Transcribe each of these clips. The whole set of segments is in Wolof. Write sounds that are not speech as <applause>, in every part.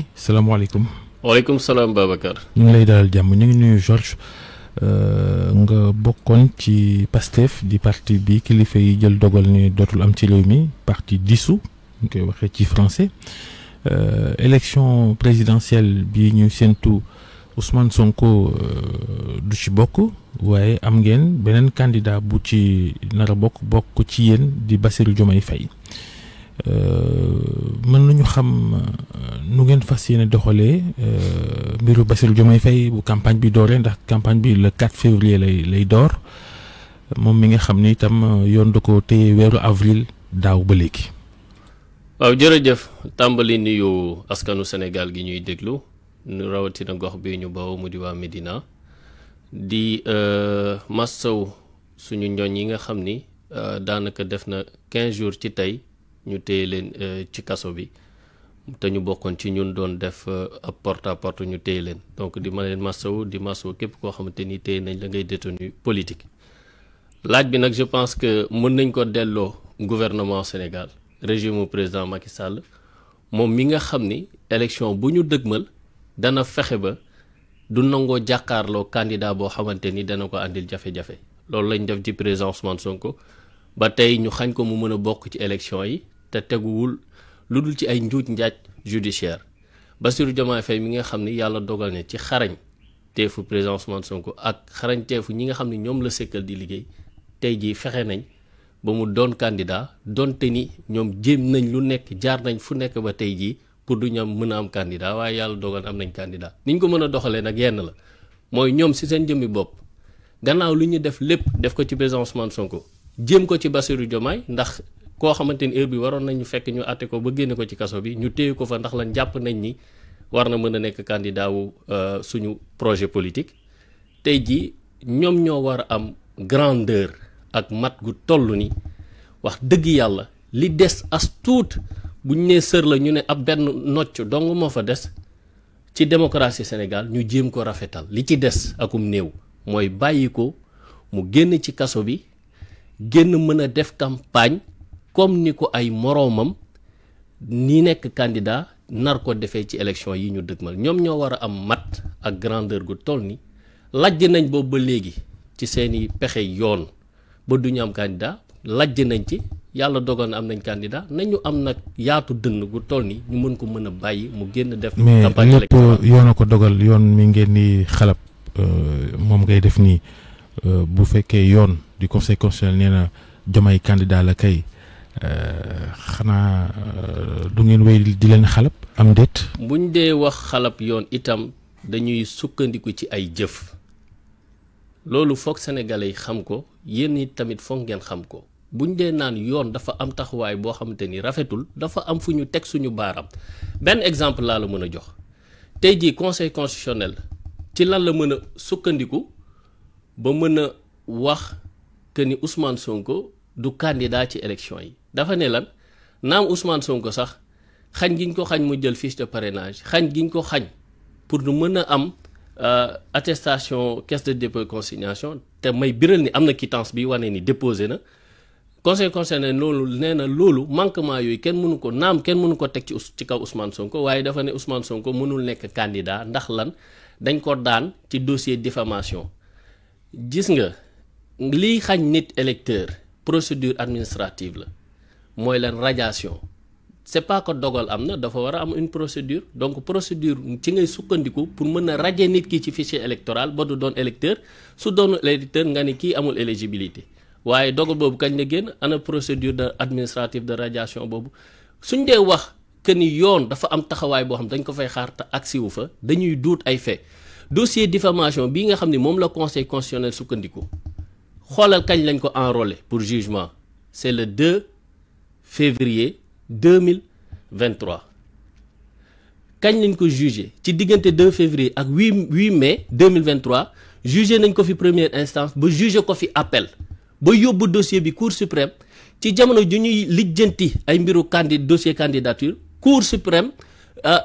Guèye salaamaaleykum. waaleykum salaam Babacar. ñu ngi lay dalal jàmm ñu ngi nuyu Georges euh, nga bokkoon ci PASTEF di parti bi kilifa yi jël dogal ni dootul am ci réew mi parti dissous ñu koy waxee ci français euh, élection présidentielle bi ñu séntu Ousmane Sonko euh, du ci bokk waaye am ngeen beneen candidat bu ci nar a bokk bokk ci yéen di Bassirou Diomaye Faye. Euh, mën nañu xam euh, nu ngeen fas yéene doxalee euh, mbiru Bassirou Diomaye Faye bu campagne bi dooree ndax campagne bi le 4 février lay lay door moom mi nga xam ni itam yoon da ko téye weeru avril daaw ba léegi. waaw jërëjëf tàmbali nuyu askanu Sénégal gi ñuy déglu nu rawatina gox bi ñu bawoo mu di waa Médina di massaw suñu ñooñ yi nga xam ni daanaka def na 15 jours ci tey. ñu téye leen euh, ci kaso bi te ñu bokkoon ci ñun doon def euh, ab porte à porte ñu téye leen donc di ma leen masawu di masawu képp koo xamante ni teye nañ la ngay détenu politique. laaj bi nag je pense que mën nañ ko delloo gouvernement Sénégal régime mu président Macky Sall moom mi nga xam ni élection bu ñu dëgmal dana fexe ba du nangoo jàkkaarloo candidat boo xamante ni dana ko àndil jafe-jafe loolu lañ def ci président Ousmane ko ba tey ñu xañ ko mu mën a bokk ci élection yi te teguwul lu dul ci ay njuuj njaaj judiciaire Bassirou Diomaye Faye mi nga xam ni yàlla dogal nañ ci xarañ teefu président Ousmane Sonko ak xarañ teefu ñi nga xam ne ñoom la sëkkal di liggéey tey jii fexe nañ ba mu doon candidat donte ni ñoom jéem nañ lu nekk jaar nañ fu nekk ba tey jii pour du ñoom mën a am candidat waaye yàlla dogal am nañ candidat niñ ko mën a doxalee nag yenn la mooy ñoom si seen jëmmi bopp gannaaw lu ñu def lépp def ko ci président Ousmane Sonko jéem ko ci Bassirou Diomaye ndax koo xamante ni heure bi waroon nañu fekk ñu àtte ko ba génne ko ci kaso bi ñu téye ko fa ndax lan jàpp nañ ni war na mën a nekk candidat wu euh, suñu projet politique tey jii ñoom ñoo war a am grandeur ak mat gu toll ni wax dëgg yàlla li des as tuut bu ñu nee sër la ñu ne ab benn nocc dong moo fa des ci démocratie Sénégal ñu jéem ko rafetal li ci des akum néew mooy bàyyi ko mu génn ci kaso bi génn mën a def campagne comme ni ko ay moroomam ni nekk candidat nar ko defee ci élection yi ñu dëgmal ñoom ñoo war a am mat ak grandeur gu toll ni lajj nañ boobu ba léegi ci seeni pexe yoon ba du ñu am candidat lajj nañ ci yàlla dogal na am nañ candidat nañu am nag yaatu dënn gu toll ni ñu mën ko mën a bàyyi mu génn def campagne mais lépp yoon a ko dogal yoon mi ngeen di xalab euh, moom ngay def nii Euh, bu fekkee yoon di conseil constitutionnel nee na jomay candidat la kay euh, xanaa euh, du ngeen wéy di leen xalab am déet buñ dee wax xalab yoon itam dañuy sukkandiku ci ay jëf loolu foog sénégalais yi xam ko yéen it tamit foog ngeen xam ko buñ dee naan yoon dafa am taxawaay boo xamante ni rafetul dafa am fu ñu teg suñu baaram benn exemple laa la mën a jox tey jii conseil constitutionnel ci lan la mën a sukkandiku ba mën a wax que ni Ousmane Sonko du candidat ci élection yi dafa ne lan naam Ousmane Sonko sax xañ giñ ko xañ mu jël fiche de parrainage xañ giñ ko xañ pour du mën a am euh, attestation caisse de dépôt consignation te may biral ni am na quittance bi wane ni déposé na conseil concerné loolu nee na loolu manquement yooyu kenn mënu ko naam kenn mënu ko teg ci ci kaw usman Sonko waaye dafa ne usman Sonko mënul nekk kandidaa ndax lan dañ ko daan ci dossier diffamation gis nga lii xañ nit électeur procédure administrative la mooy lan rajation c'est pas que dogal am na dafa war a am une procédure donc procédure ci ngay sukkandiku pour mën na raje nit ki ci fichier électoral ba du doon électeur su doonul électeur nga ne kii amul éligibilité waaye dogal boobu kañ ne génn ana procédure de administrative de rajation boobu suñ dee wax que ni yoon dafa am taxawaay boo xam dañ ko fay xaar te agsi wu fa dañuy duut ay fait dossier diffamation bii nga xam ne moom la conseil constitutionnel sukkandiku xoolal kañ lañ ko enrôler pour jugement c'est le 2 février 2023 kañ lañ ko jugé ci diggante 2 février ak 8 8 mai 2023 jugé nañ ko fi première instance ba jugé ko fi appel ba yóbbu dossier bi cour suprême ci jamono ju ñuy lijjanti ay mbiru candi dossier candidature cour suprême euh,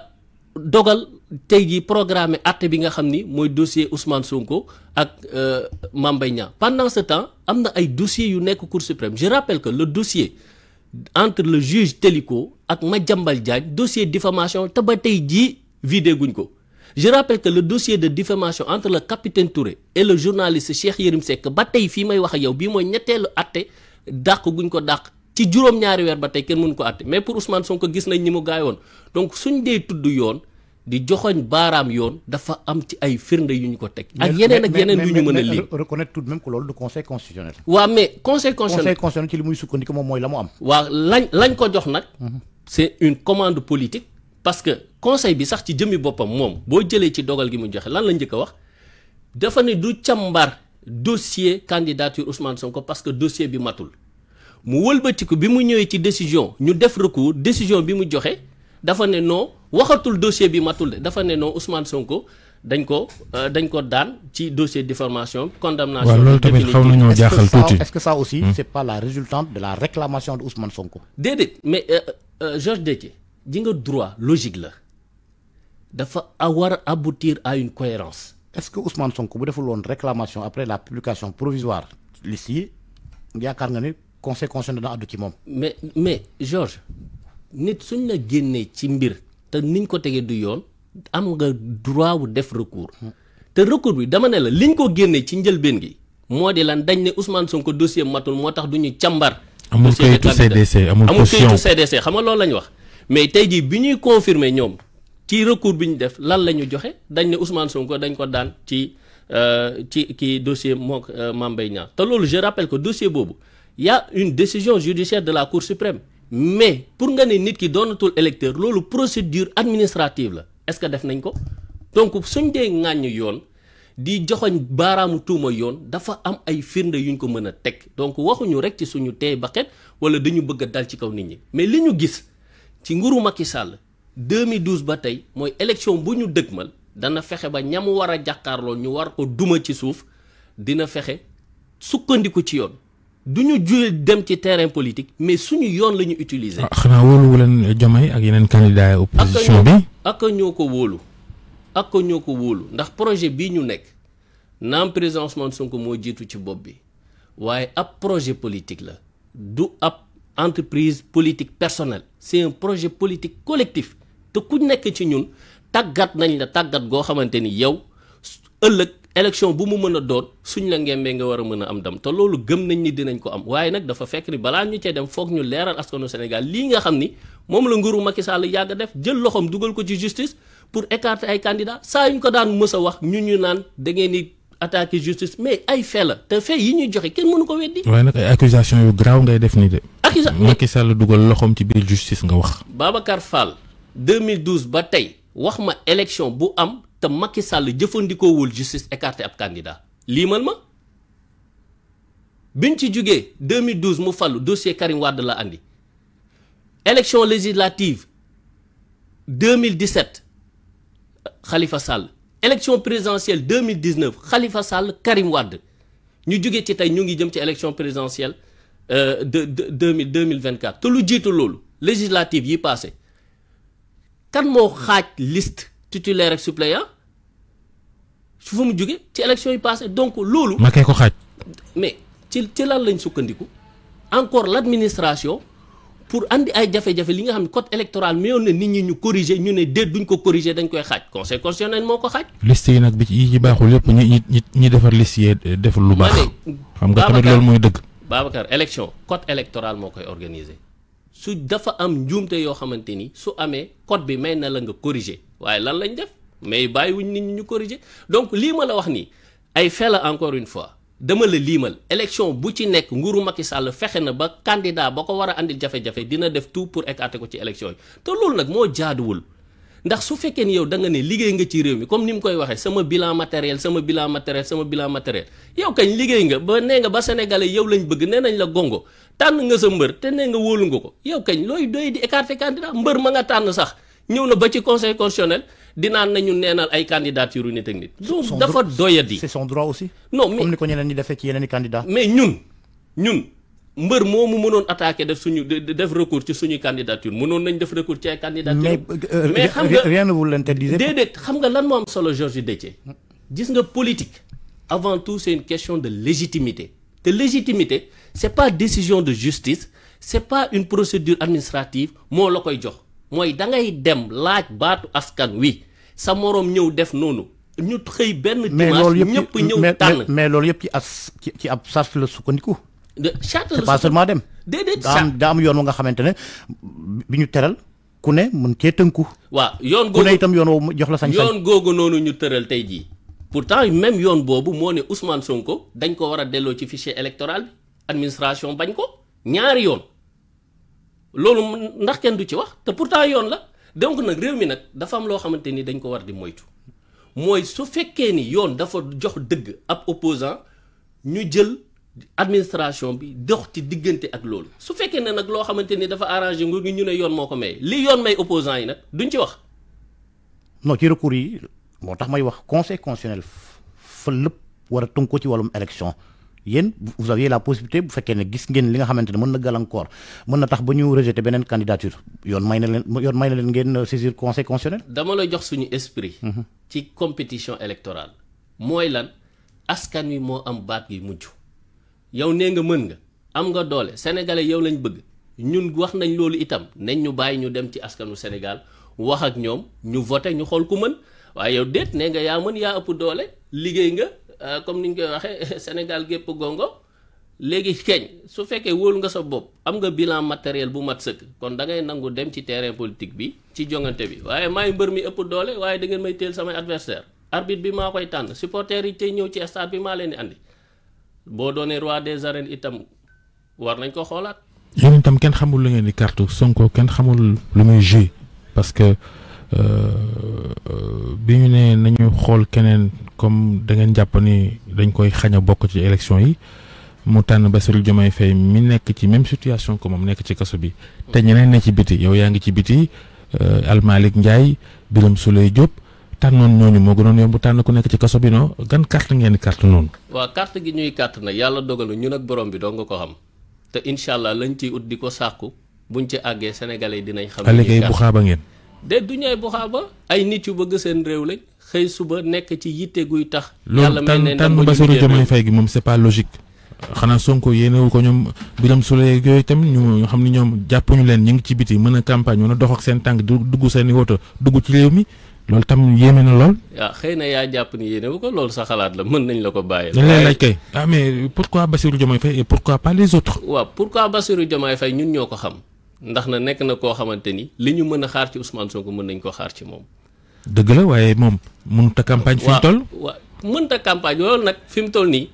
dogal tey jii programme àtte bi nga xam ni mooy dossier Ousmane Sonko ak euh, Mame Mbaye Niang pendant ce temps am na ay dossiers yu nekk Cour suprême je rappelle que le dossier entre le juge Téliko ak ma jambal Diagne dossier diffamation te ba tey jii vidé guñ ko je rappelle que le dossier de diffamation entre le capitaine Touré et le journaliste Cheikh Yérim ba tey fii may wax ak yow bii mooy ñetteelu àtte dàq guñ ko dàq ci juróom-ñaari weer ba tey kenn mënu ko àtte mais pour Ousmane Sonko gis nañ ni mu gaayoon donc suñ dee tudd yoon. di joxoñ baaraam yoon dafa am ci ay firnde yu ñu ko teg. ak yeneen ak yeneen yu ñu mën a lim reconnaître tout de loolu du conseil constitutionnel. waaw mais conseil constitutionnel conseil constitutionnel ci li muy sukkandiku moom mooy la mu am. waaw lañ lañ ko jox nag. Mhm. c'est une commande politique. parce que conseil bi sax ci jëmmi boppam moom boo jëlee ci dogal gi mu joxe lan la njëkk wax dafa ne du càmbar dossier candidature Ousmane Sonko parce que dossier bi matul mu wëlbatiku bi mu ñëwee ci décision ñu def recours décision bi mu joxe dafa ne non. waxatul dossier bi matul de dafa ne non Ousmane Sonko dañ ko euh, dañ ko daan ci dossier diffamation condamnation. waaw loolu tamit xaw nañoo jaaxal tuuti est-ce que aussi hmm. c'est pas la résultante de la réclamation de Ousmane Sonko. déedéet mais euh, euh, Georges Déthié ji nga droit logique la dafa war a aboutir à une cohérence est-ce que Ousmane Sonko bu deful woon réclamation après la publication provisoire liste yi yaakaar nga ni conseil constitutionnel dana addu ci moom. mais mais Georges nit suñ la génnee ci mbir. te niñ ko tegee du yoon am nga droit wu def recours te recours bi dama ne la liñ ko génnee ci njëlbeen gi moo di lan dañ ne Ousmane Sonko dossier matul moo tax du ñu càmbar. amul kayitu CDC amul kayitu CDC xam nga loolu la ñu wax. mais tey jii bi ñuy confirmer ñoom ci recours bi ñu def lan la ñu joxe dañ ne Ousmane Sonko dañ ko daan ci euh, ci kii dossier mook euh, Mame Mbaye te loolu je rappelle ko dossier boobu yaa une décision judiciaire de la Cour suprême. mais pour nga ne nit ki doonatul électeur loolu procédure administrative la est-ce que def nañ ko donc suñ dee ŋàññ yoon di joxoñ baaraamu tuuma yoon dafa am ay firnde yuñ ko mën a teg donc waxuñu rek ci suñu teey xet wala dañu bëgg a dal ci kaw nit ñi mais li ñu gis ci nguru Macky Sall 2012 ba tey mooy élection bu ñu dëgmal dana fexe ba ñam war a jàkkaarloo ñu war ko duma ci suuf dina fexe sukkandiku ci yoon du ñu ju dem ci terrain politique mais suñu yoon la ñu utiliser. Ah, xanaa wóolu wu leen ak yeneen candidats yi opposition bi ak ñoo ko wóolu ak ñoo ko wóolu ndax projet bii ñu nekk naam président Ousmane moo jiitu ci bopp bi waaye ab projet politique la du ab entreprise politique personnelle c'est un projet politique collectif te ku nekk ci ñun tàggat nañ la tàggat goo xamante ni yow ëllëg. élection bu mu mën a doot suñ la ngembee nga war a mën a am dam te loolu gëm nañ ni dinañ ko am waaye nag dafa fekk ni balaa ñu cee dem foog ñu leeral askanu Sénégal lii nga xam ni moom la nguuru Macky la yàgg a def jël loxoom dugal ko ci justice pour écarter ay candidats saa yu ko daan mës a wax ñun ñu naan da ngeen di attaquer justice mais ay fait la te fait yi ñuy joxe kenn mënu ko weddi. waaye nag ay accusations yu garaaw ngay def nii de. accusation Macky dugal loxoom ci biir justice nga wax. Babacar Fall 2012 ba tey wax ma élection bu am. te Macky Sall jëfandikoowul justice écarté ab lii liimal ma bi biñ ci jugee 2012 mu fallu dossier Karim Wade la andi élection législative 2017 Khalifa Sall élection présidentielle 2019 Khalifa Sall Karim Wade ñu jugee ci tey ñu ngi jëm ci élection présidentielle euh, de deux mille deux mille vingt quatre te lu jiitu loolu législative yi passé kan moo xaaj liste titulaire ak suppléant su fa mu jóge ci élection yi passé donc loolu. ma kay ko xaaj. mais ci ci lan lañ sukkandiku encore l' administration pour andi ay jafe-jafe li nga xam ne code électoral mayoon nit ñi ñu corriger ñu ne déet duñ ko corriger dañ koy xaaj conseil constitutionnel moo ko xaaj. liste yi nag bi ci yi baaxul yëpp ñi ñi ñi defar liste deful lu baax. xam nga tamit loolu mooy dëgg. Babacar élection code électoral moo koy organiser su dafa am njuumte yoo xamante ni su amee code bi may na la nga corriger waaye lan lañ def. mais bàyyiwuñ nit ñu corriger donc lii ma la wax nii ay fela encore une fois dama la liimal élection bu ci nekk nguuru Macky Sall fexe na ba candidat ba ko war a andil jafe-jafe dina def tout pour écarter ko ci élection yi te loolu nag moo jaaduwul ndax su fekkee ni yow danga ne liggéey nga ci réew mi comme ni mu koy waxee sama bilan matériel sama bilan matériel sama bilan matériel yow kañ liggéey nga ba nee nga ba sénégalais yow lañ bëgg nee nañ la gongo tànn nga sa mbër te nee nga wóolu nga ko yow kañ looy doy di écarter candidat mbër ma nga tànn sax ñëw na ba ci conseil dinaan nañu neenal ay candidature yu nit ak nit. dafa doyadi. son droit aussi. non mais comme ni ko ñeneen ñi defee ci yeneen i candidats. mais ñun ñun mbër moomu mënoon attaqué def suñu def recours ci suñu candidature mënoon nañ def recours ci ay candidature. mais euh, xam nga rien ne vous l'interdisez. déedéet xam nga lan moo am solo Georges Déthié gis nga politique avant tout c'est une question de légitimité te légitimité c'est pas décision de justice c'est pas une procédure administrative moo la koy jox. mooy da ngay dem laaj baatu askan wi sa moroom ñëw def noonu ñu xëy benn mais dimanche ñëpp ñëw tànn mais loolu yëpp ci as ci ab charte la sukkandiku de charte la pas seulement dem déedéet daa yoon wa nga xamante ne bi ñu teral ku ne mën cee tënku waaw yoon googu ku ne itam yoon woo jox la sañ sañ yoon noonu ñu tëral tey jii pourtant même yoon boobu moo ne Ousmane Sonko dañ ko war a delloo ci fichier électoral bi administration bañ ko ñaari yoon loolu ndax kenn du ci wax te pourtant yoon la donc nag réew mi nag dafa am loo xamante ni dañ ko war di moytu mooy su fekkee ni yoon dafa jox dëgg ab opposant ñu jël administration bi dox ci diggante ak loolu su fekkee ne nag loo xamante ni dafa arrangé nguur gi ñu ne yoon moo ko may li yoon may opposant yi nag duñ ci wax non ci recours yi moo tax may wax conseil constitutionnel fa lépp war a tënk ko ci wàllum élection yéen vous aviez la possibilité bu fekkee ne gis ngeen li nga xamante ne mën na gàllankoor mën na tax ba ñu rejeter beneen candidature yoon may na leen yoon may na leen ngeen saisir conseil constitutionnel. dama la jox suñu esprit. Mhm. ci compétition électorale. mooy lan askan wi moo am baat gi mujj yow nee nga mën nga am nga doole sénégalais yow lañ bëgg ñun wax nañ loolu itam nañ ñu bàyyi ñu dem ci askanu Sénégal wax ak ñoom ñu voté ñu xool ku mën waaye yow déet nga yaa mën yaa ëpp doole liggéey nga. Euh, comme ni ñu koy waxee <laughs> Sénégal gépp gongo léegi keñ su fekkee wóolu nga sa bopp am nga bilan matériel bu mat sëkk kon da ngay nangu dem ci terrain politique bi ci jongante bi waaye maay mbër mi ëpp doole waaye da ngeen may teel samay adversaire arbitre bi maa koy tànn supporters yi tey ñëw ci stade bi maa leen di andi boo doonee roi des arènes itam war nañ ko xoolaat. yéen itam kenn xamul lu ngeen di kartu Sonko kenn xamul lu muy joué parce Euh, euh, bi ñu ne nañu xool keneen comme da ngeen jàpp ni dañ koy xañ a bokk ci élection yi mu tànn ba Bassirou Diomaye Faye mi nekk ci même situation ko moom nekk ci kaso bi te ñeneen ne ci biti yow yaa ngi ci biti euh, Almalick Ndiaye Birame Souleye Diop tànnoon ñooñu moo gënoon yomb tànn ku nekk ci kaso bi non gan carte ngeen carte noonu. waa carte gi ñuy carte na yàlla dogal ñun ak borom bi doo nga ko xam te incha allah lañ ciy ut di ko sàkku buñ ci àggee sénégalais dinañ. xam ne bu ngeen. de du ñay buxaaba ay nit yu bëgg seen réew lañ xëy suba nekk ci yitte guy tax. yàlla may ne tànn Bassirou Diomaye Faye gi moom c'est pas logique. xanaa Sonko yéenewu ko ñoom Birame Souleye yooyu tamit ñu xam ni ñoom jàppuñu leen ñu ngi ci biti mën a campagne a dox seen tànk dugg seen i dugg ci réew mi loolu tam yéeme na lool. waaw xëy na yaa jàpp ni yéenewu loolu sa xalaat la mën nañ la ko bàyyi. dañ lay laaj kay ah mais pourquoi Bassirou Diomaye Faye et les autres. waaw pourquoi Bassirou Diomaye Faye ñun ñoo ko xam. ndax na nekk na koo xamante ni li ñu mën a xaar ci soo ko mën nañ koo xaar ci moom. dëgg la waaye moom mënut a campagne. fi mu toll waaw mënut a loolu nag fi mu toll nii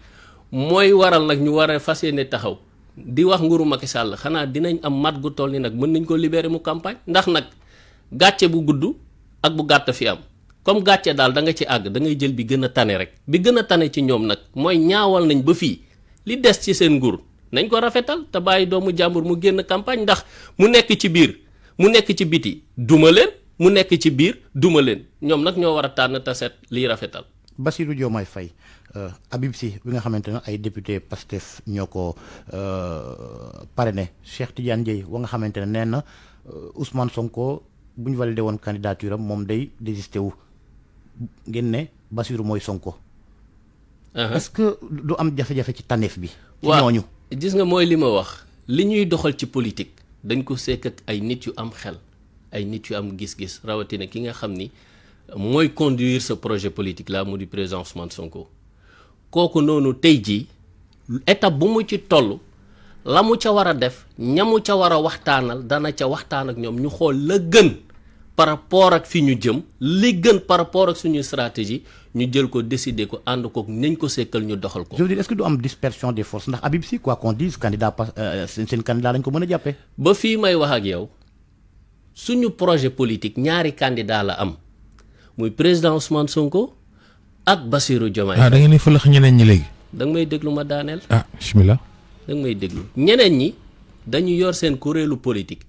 mooy waral nag ñu war a fas yéene taxaw di wax nguuru Macky sàll xanaa dinañ am mat gu toll ni nag mën nañ koo libérer mu campagne ndax nag gàcce bu gudd ak bu gàtt fi am. comme gàcce daal da nga ci àgg da ngay jël bi gën a tane rek bi gën a tane ci ñoom nag mooy ñaawal nañ ba fi li des ci seen nguur nañ ko rafetal te bàyyi doomu jàmbur mu génn campagne ndax mu nekk ci biir mu nekk ci biti duma leen mu nekk ci biir duma leen ñoom nag ñoo war a tànn taset liy rafetal. Bassirou Diomaye fay euh, Habib Sy bi nga xamante ne ay député Pastef ñoo ko euh, pare ne Cheikh Tidiane Dièye wa nga xamante ne nee na euh, Ousmane Sonko bu ñu validé woon candidature am moom day désisté wu ngeen ne Bassirou mooy Sonko. Uh-huh. est que du am jafe-jafe ci tànneef bi. ci ñooñu. gis nga mooy li ma wax li ñuy doxal ci politique dañ ko sekk ay nit yu am xel ay nit yu am gis-gis rawatina ki nga xam ni mooy conduire sa projet politique là mu di président Ousmane Sonko kooku noonu tey jii étape bu mu ci toll la mu ca war a def ñamu ca war a waxtaanal dana ca waxtaan ak ñoom ñu xool la gën. par rapport ak fi ñu jëm li gën par rapport ak suñu stratégie ñu jël ko décider ko ànd kook nañ ko sekkal ñu doxal ko. je veux dire est-ce que du am dispersion des forces ndax Habib Sy quoi qu'on dise candidat pas euh, seen seen candidat lañ ko mën a jàppee. ba fii may wax ak yow suñu projet politique ñaari candidat la am muy président Ousmane Sonko ak Bassirou Diomaye. ah da ñeneen ñi léegi. da may déglu ma daaneel. ah bismillah. da may déglu ñeneen ñi dañu yor seen kuréelu politique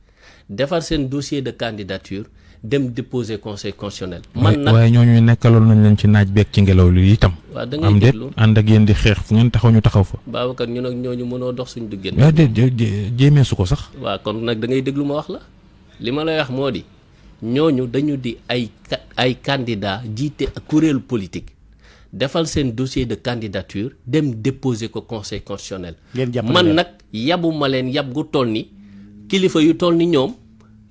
defar seen dossier de candidature. dem déposer conseil constitutionnel. man nag waaye ñooñu nekkaloon nañ leen ci naaj beeg ci ngelaw li itam. waaw da am déet ànd ak yéen di xeex fu ngeen taxaw ñu taxaw fa. Babacar ñun ak ñooñu mënoo dox suñu diggante. waaw déet jéemee su ko sax. waaw kon nag da déglu ma wax la li ma lay wax moo di ñooñu dañu di ay ay candidat jiite kuréelu politique. defal seen dossier de candidature dem déposer ko conseil constitutionnel. man nag yabuma leen yab gu toll ni kilifa yu toll ni ñoom.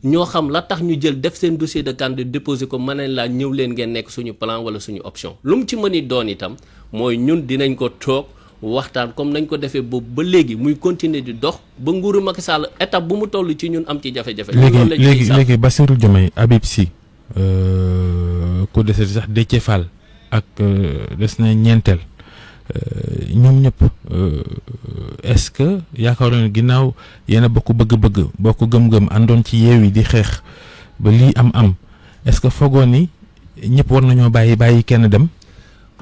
ñoo xam la tax ñu jël def seen dossier de candidat déposé ko mën nañ laa ñëw leen ngeen nekk suñu plan wala suñu option lu ci mën i doon itam mooy ñun dinañ ko toog waxtaan comme nañ ko defee boobu ba léegi muy continuer di dox ba nguuru Macky Sall étape bu mu toll ci ñun am ci jafe-jafe. léegi léegi léegi Bassirou Diomaye Habib si euh, ku dese sax Déthié Fall ak euh, des na ñeenteel. Euh, ñoom ñëpp euh, est-ce que yaakaaroon ginnaaw yéen a bokk bëgg-bëgg bokk gëm-gëm àndoon ci yeew yi di xeex ba lii am am est-ce que foogoon ni ñëpp war nañoo bàyyi bàyyi kenn dem.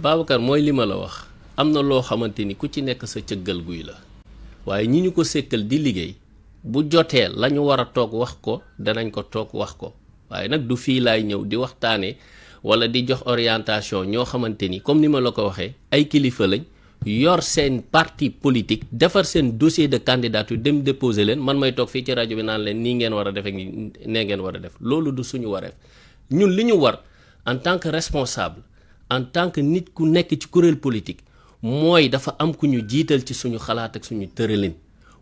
Babacar mooy li ma la wax am na loo xamante ni ku ci nekk sa cëggal guy la waaye ñi ñu ko sékkal di liggéey bu jotee la ñu war a toog wax ko danañ ko toog wax ko waaye nag du fii laay ñëw di waxtaanee. wala di jox orientation ñoo xamante ni comme ni ma la ko waxee ay kilifa lañ yor seen parti politique defar seen dossier de candidature dem déposer leen man may toog fii ci rajo bi naan leen nii ngeen war a def ak ngeen war a def loolu du suñu wareef ñun li ñu war en tant que responsable en tant que nit ku nekk ci kuréel politique mooy dafa am ku ñu jiital ci suñu xalaat ak suñu tëralin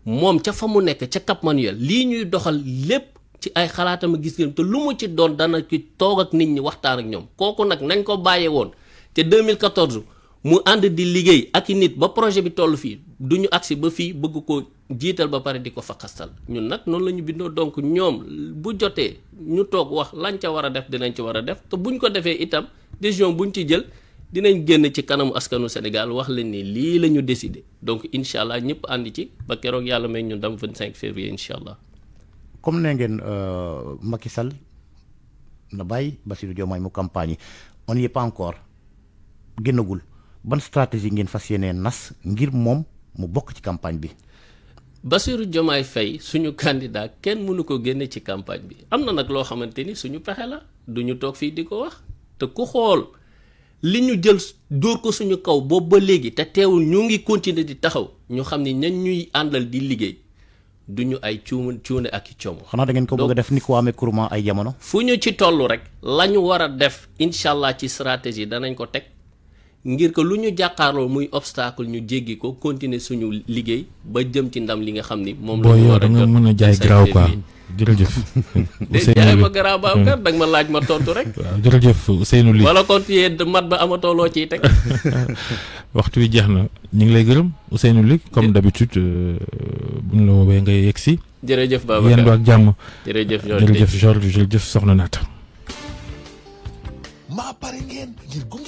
moom ca fa mu nekk ca Cap Manuel lii ñuy doxal lépp. ci ay xalaatam a gis-gisam te lu mu ci doon dana ci toog ak nit ñi waxtaan ak ñoom kooku nag nañ ko bàyyee woon te 2014 mu ànd di liggéey ak i nit ba projet bi toll fii du ñu agsi ba fii bëgg ko jiital ba pare di ko fa xastal ñun nag noonu la ñu bindoo donc ñoom bu jotee ñu toog wax lañ ca war a def dinañ ci war a def te buñ ko defee itam décision buñ ci jël dinañ génn ci kanamu askanu Sénégal wax leen ni lii la ñu décidé donc incha allah ñëpp ànd ci ba keroog yàlla may ñu ndam 25 février allah. comme nee ngeen euh, Macky Sall na bàyyi Bassirou Diomaye mu campagne yi on y encore génnagul ban stratégie ngeen fas yéenee nas ngir moom mu bokk ci campagne bi. Bassirou Diomaye Faye suñu candidat kenn mënu ko génne ci campagne bi am na nag loo xamante ni suñu pexe la du ñu toog fii di ko wax te ku xool li ñu jël dóor ko suñu kaw boobu ba léegi te teewul ñu ngi continuer di taxaw ñu xam ni ñan ñuy àndal di liggéey. du ñu ay cuun cuune ak i coomo. xanaa da ngeen ko bëgg a def ni ko ay jamono. fu ñu ci toll rek. la ñu war a def incha ci stratégie danañ ko teg. ngir ko lu ñu jàkkaarloo muy obstacle ñu jéggi ko continuer suñu liggéey ba jëm ci ndam li nga xam ni moom la ñu war a mën a jaay garaaw quoi jërëjëf <laughs> jaay ma garaaw ba am kat ma laaj ma tontu rek waaw jërëjëf Ousseynou Ly wala continuer mat ba amatoo loo ciy teg <laughs> waxtu wi jeex na ñu ngi lay gërëm seenu Ly comme d'habitude euh, buñ la woowee ngay yegg si jërëjëf Babacar ak jàmm jërëjëf Georges jërëjëf Georges jërëjëf soxna naata maa pare ngeen ngir